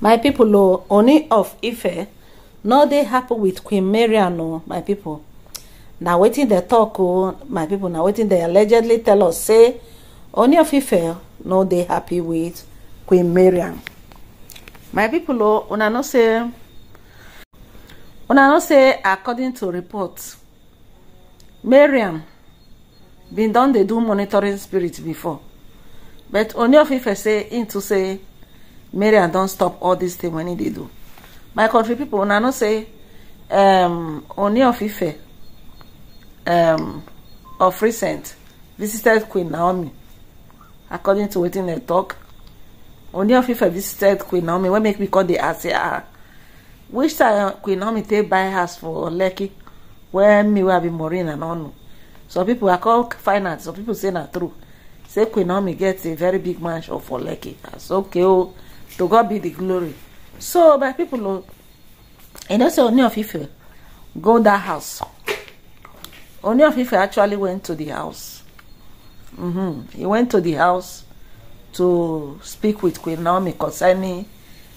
my people o oni of ife no dey happy with queen marian o my people na wetin dem talk o oh, my people na wetin dem allegedly tell us say oni of ife no dey happy with queen marian my people o una know say una know say according to report mariam bin don dey do monitoring spirit before but oni of ife say im too say marian don't stop all this thing wen e dey do my country pipo I know say um oni of ife um of recent visited queen naomi according to wetin they talk, oni of ife visited queen naomi wey make me call the ask ah which time uh, queen naomi take buy house for lekki wen me will be maureen and onu some people are call finance some people say not true say queen naomi gets a very big mansion for lekki That's okay o oh to god be the glory so my people and also know say go that house Ooni of actually went to the house mm-hmm. he went to the house to speak with Queen Naomi concerning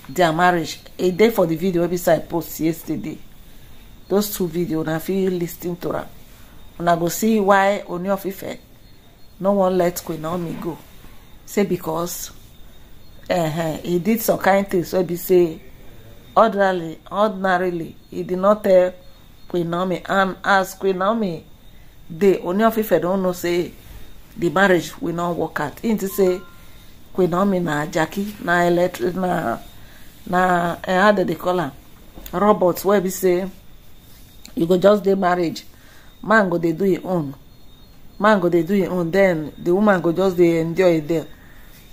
their marriage a day for the video website post yesterday those two videos una fit feel listening to them. am una go see why Ooni of no one let Queen Naomi go say because E he did some kind things wey be say ordinarily ordinarily he did not tell queen naomi and as queen naomi dey oni of ife don know say the marriage will not work out him think say queen naomi na jackie na electric na na eh, how they dey call am robot wey be say you go just dey marriage man go dey do him own man go dey do him own then the woman go just dey endure it there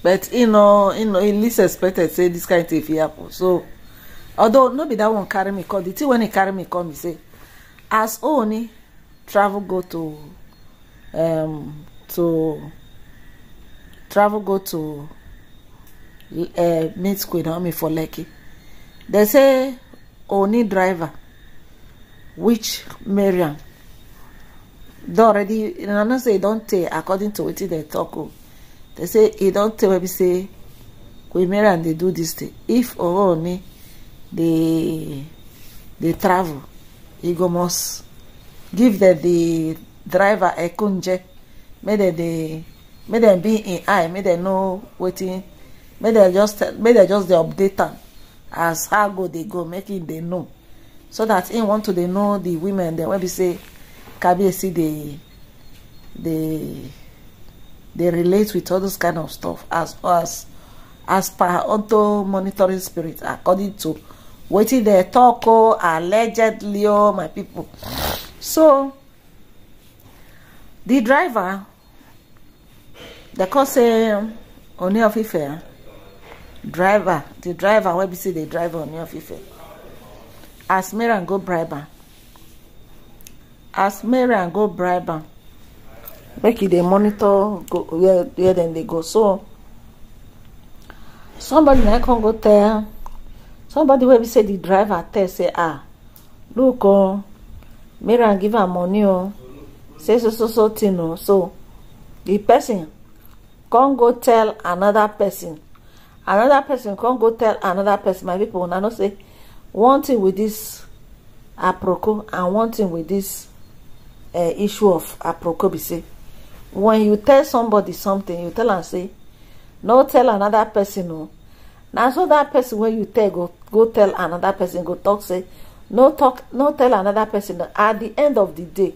but you know you know at least expected say this kind of thing fit happen so although no be that one carry me come the thing when he carry me come be say as ooni travel go to um, to travel go to uh, meet Queen Naomi for Lekki they say Ooni driver which Mariam don already una know say e don tey according to wetin they talk o. Oh. They say e don't tell me say queen mariam dey do this thing if only, dey dey travel e go must give dem the driver ekunje make dem dey make dem be in eye make dem know waiting, make dem just make dem just the update them, as how go they go making they know so that him want to dey know the women they will be say see the the. They relate with all those kind of stuff as far as as per unto monitoring spirit according to wetin dem talk o oh, allegedly oh my people. so the driver dem call on your of ife eh? driver the driver where be see the driver on your ife as Mary and go briber, as Mary and go briber make you dey monitor go where where dem dey go so somebody na come go tell somebody wey be say the driver tell say ah look oh mariam give am money oh say so so so thing oh so the person come go tell another person another person come go tell another person my people una know say one thing with this aproko and one thing with this uh, issue of aproko be say when you tell somebody something you tell and say no tell another person no. now so that person when you tell go go tell another person go talk say no talk no tell another person at the end of the day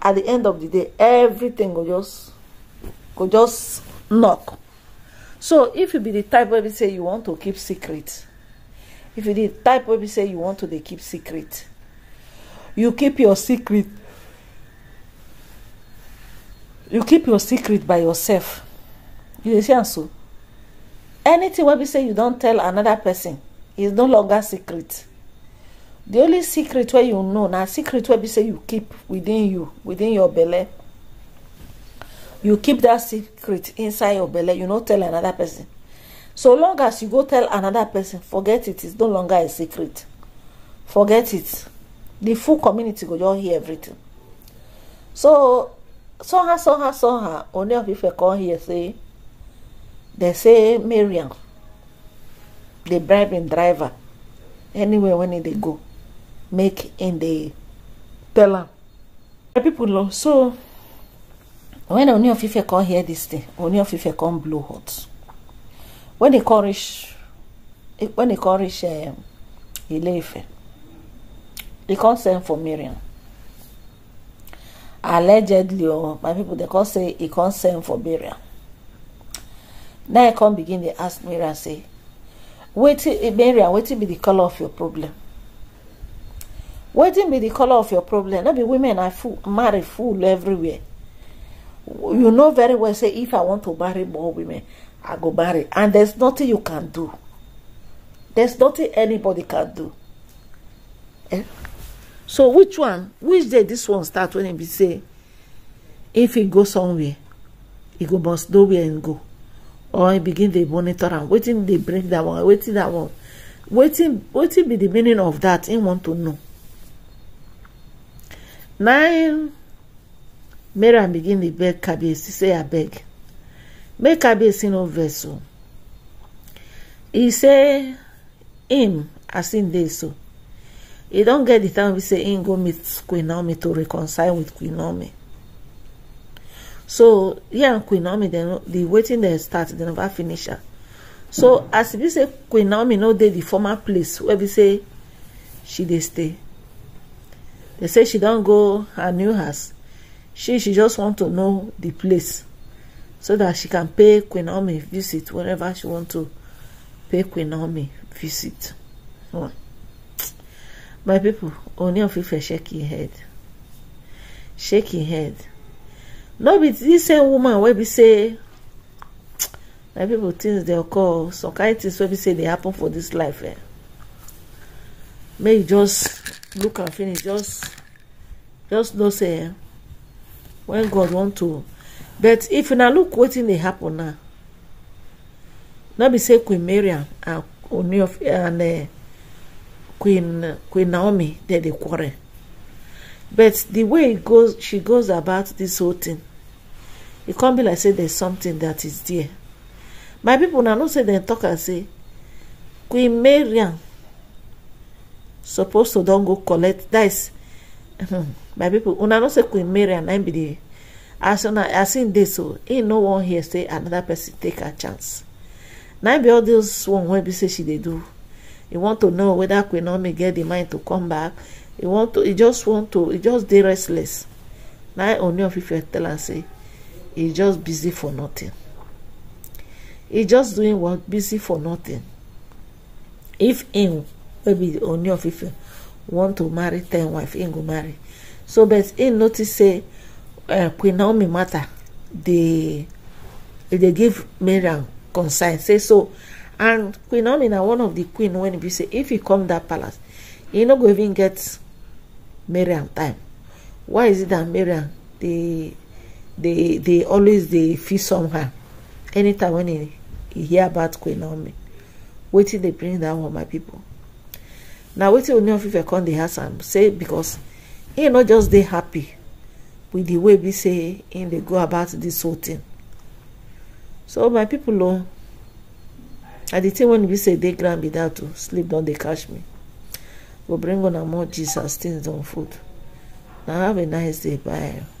at the end of the day everything go just go just knock so if you be the type of say you want to keep secret if you the type of say you want to keep secret you keep your secret you keep your secret by yourself you dey see am so anything wey be say you don tell another person is no longer secret the only secret wey you know na secret wey be say you keep within you within your belle you keep that secret inside your belle you no tell another person so long as you go tell another person forget it it's no longer a secret forget it the full community go just hear everything so somehow somehow somehow only of ife come here say dem say mariam The bribe driver anywhere when e dey go make im dey tell am people know so When oni of ife come hear this thing oni of ife come blow hot When e come when wen e come reach um, ile ife e come send for mariam allegedly oh my people they can't say he can't send for burial now I come begin they ask me and say wait eh, Mary and waiting be the color of your problem waiting be the color of your problem not be women I fool marry fool everywhere you know very well say if I want to marry more women I go marry and there's nothing you can do there's nothing anybody can do eh? so which one which day this one start when e be say if e go somewhere e go must know where e go or e begin dey monitor am wetin dey bring that one wetin that one wetin wetin be the meaning of that e want to know nine Mary begin dey beg kabiyesi say abeg make kabiyesi no vex o oh. e say him as him dey so He don't get the time be say im go meet queen naomi to reconcile with queen naomi so he and queen naomi the waiting. They start They never finish am so as we say queen naomi no dey di former place where we say she they stay They say she don't go her new house she she just want to know the place so that she can pay queen naomi visit whenever she want to pay queen naomi visit my people, onion fife shake shaking head shaking head no be this same woman wey be say my people things dey occur some kind things wey be say dey happen for this life eh make you just look am finish just just know say eh, when god want to but if you na look wetin dey happen now no be say queen mary and and eh, Queen Queen Naomi they dey quarrel. But the way it goes, she goes about this whole thing, it can't be like say there's something that is there. My people now know say they talk and say Queen Mariam suppose to don go collect that is my people una know say Queen Mariam na be the as una as in dey so im no wan hear say another person take her chance na be all those one wey be say she dey do. You want to know whether queen naomi get the mind to come back You want to e just want to e just dey restless na only of you tell and say e just busy for nothing e just doing what busy for nothing if him maybe only oni of ife want to marry ten wife him go marry so but him notice say uh, queen naomi matter dey they give mariam concern say so and queen naomi na one of the queen wen e be say if he come that palace he no go even get marian time why is it that marian dey dey dey always dey feel somehow anytime wen he hear about queen naomi wetin dey bring that one my people. na wetin oni of ife come dey ask am say because he no just dey happy with the way be say im dey go about this whole thing. so my people o oh, i di think wey e be say e dey grand be dat o sleep don dey catch me go bring una more jesus things don food na a nice day bye.